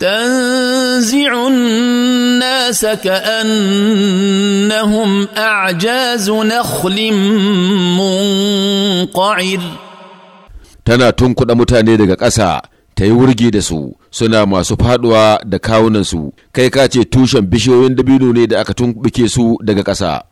تنزع الناس كانهم اعجاز نخل منقعر tana tunkuɗa mutane daga ƙasa ta yi wurgi da su suna masu faduwa da kawunansu kai ka ce tushen bishiyoyin dabino ne da aka tumɓuke su daga ƙasa